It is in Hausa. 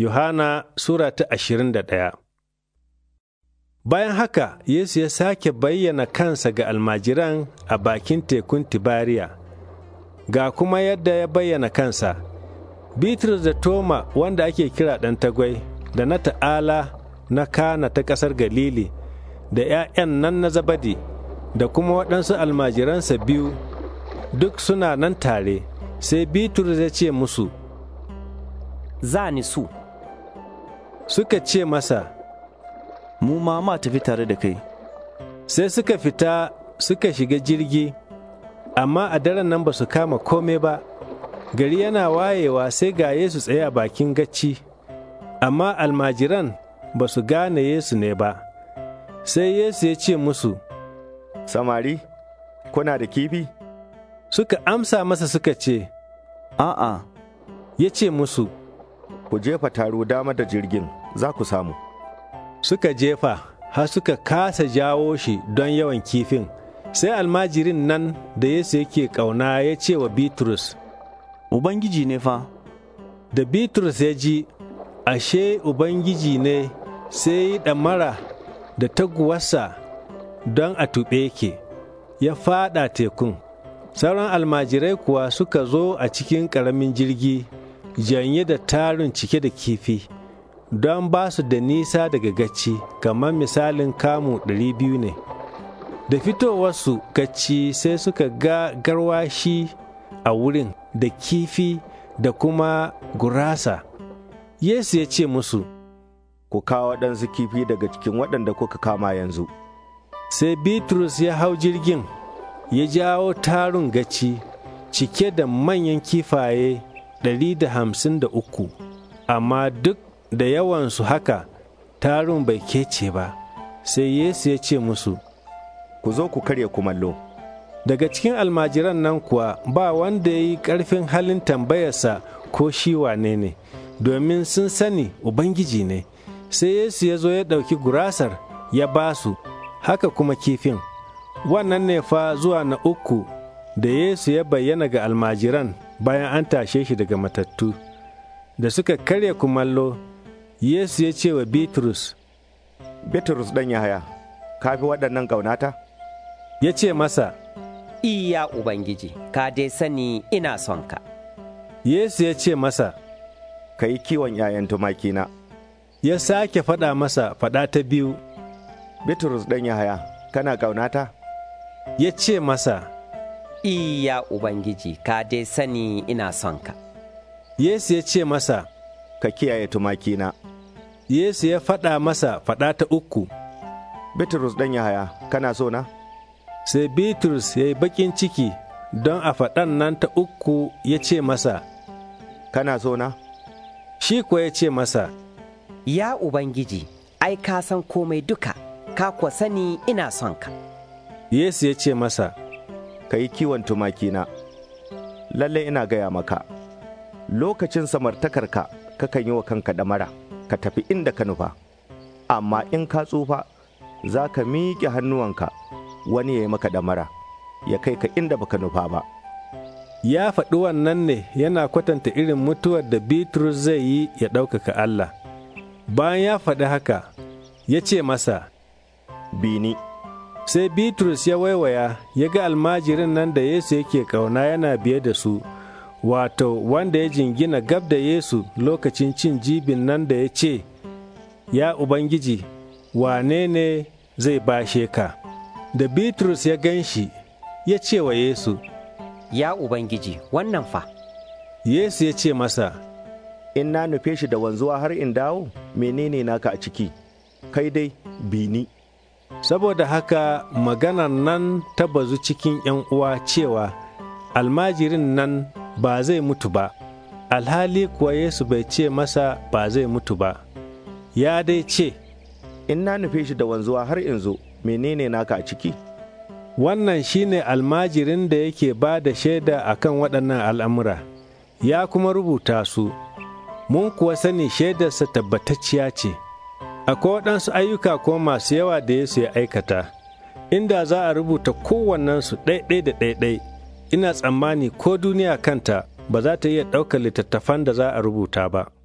Yohana Sura ta ashirin da ɗaya Bayan haka, Yesu ya sake bayyana kansa ga almajiran a bakin tekun Tibariya, ga kuma yadda ya bayyana kansa, Bitrus da Toma wanda ake kira ɗan tagwai, da na ta'ala na kana ta ƙasar Galili, da ’ya'yan nan na Zabadi, da kuma waɗansu almajiransa biyu, duk suna nan tare, sai Bitrus ya ce musu, Za ni su. suka ce masa, Mu ma ma tafi tare da kai, sai suka fita suka shiga jirgi, amma a daren nan ba su kama kome ba, gari yana wayewa sai ga Yesu tsaye a bakin gacci, amma almajiran ba su gane Yesu ne ba, sai Yesu ya ce musu, Samari, kuna da kifi? Suka amsa masa suka ce, A'a, ya ce musu, Ku jefa taro dama da jirgin. za ku samu. Suka jefa har suka kasa jawo shi don yawan kifin, sai almajirin nan da Yesu yake ƙauna ya ce wa Bitrus, Ubangiji ne fa. Da Bitrus ya ji, ashe Ubangiji ne sai ɗamara da taguwarsa don a tuɓe ke, ya faɗa tekun. Sauran almajirai kuwa suka zo a cikin ƙaramin jirgi, janye da tarin cike da kifi. don ba su da nisa daga gaci kamar misalin kamu ɗari biyu ne da fitowarsu gaci sai suka ga garwashi a wurin da kifi da kuma gurasa yesu ya ce musu ku kawo waɗansu kifi daga cikin waɗanda kuka kama yanzu sai bitrus ya hau jirgin ya jawo tarun gaci cike da manyan kifaye 153 amma duk da yawansu haka tarun bai kece ba sai Yesu ya ce musu, Ku zo ku karya kumallo. Daga cikin almajiran nan kuwa ba wanda ya yi ƙarfin halin tambayarsa ko shi wane ne, domin sun sani Ubangiji ne. Sai Yesu ya zo ya ɗauki gurasar ya ba su, haka kuma kifin. Wannan ne fa zuwa na uku da Yesu ya bayyana ga almajiran bayan an tashe shi daga matattu. Da suka karya kumallo Yesu ya ce wa Bitrus, Bitrus ɗan Yahaya, ka fi waɗannan ƙaunata? Ya ce masa, Iya Ubangiji, ka dai sani ina son ka. Yesu ya ce masa, Ka yi kiwon ’ya'yan tumakina. Ya sake faɗa masa faɗa ta biyu. Bitrus ɗan Yahaya, kana ƙaunata? Ya ce masa, Iya Ubangiji, ka dai sani ina son ka. Yesu ya ce masa, Ka kiyaye tumakina. Yesu ya faɗa masa faɗa ta uku. Bitrus ɗan Yahaya, kana so na? Sai Bitrus ya yi baƙin ciki don a faɗan nan ta uku ya ce masa, Kana so na? Shi kuwa ya ce masa, Ya Ubangiji, ai ka san komai duka, ka kuwa sani ina son ka. Yesu ya ce masa, Ka yi kiwon tumakina, lallai ina gaya maka, lokacin samartakarka kakan yi wa kanka ɗamara. ka tafi inda ka nufa amma in ka tsufa za ka miƙe hannuwanka wani ya yi maka damara ya kai ka inda baka nufa ba ya faɗi wannan ne yana kwatanta irin mutuwar da bitrus zai yi ya ɗaukaka allah bayan ya faɗi haka ya ce masa bini sai bitrus ya waiwaya ya ga almajirin nan da yesu yake ƙauna yana biye da su wato wanda ya jingina gab da Yesu lokacin cin jibin nan da ya ce, Ya Ubangiji, wane ne zai ba ka? Da Bitrus ya gan shi, ya ce wa Yesu, Ya Ubangiji, wannan fa. Yesu ya ce masa, In na nufe shi da wanzuwa har in dawo, menene naka a ciki, kai dai bini. Saboda haka maganar nan ta bazu cikin uwa cewa almajirin nan ba zai mutu ba, alhali kuwa Yesu bai ce masa ba zai mutu ba, ya dai ce, In na nufe shi da wanzuwa har in zo, menene naka a ciki? Wannan shi ne almajirin da yake ba da shaida a kan waɗannan al'amura, ya kuma rubuta su, mun kuwa sani shaidarsa tabbatacciya ce, akwai waɗansu ayyuka ko masu yawa da Yesu ya aikata, inda za a rubuta kowannensu ɗaiɗai da ɗaiɗai. ina tsammani ko duniya kanta ba za ta iya ɗaukar littattafan da za a rubuta ba.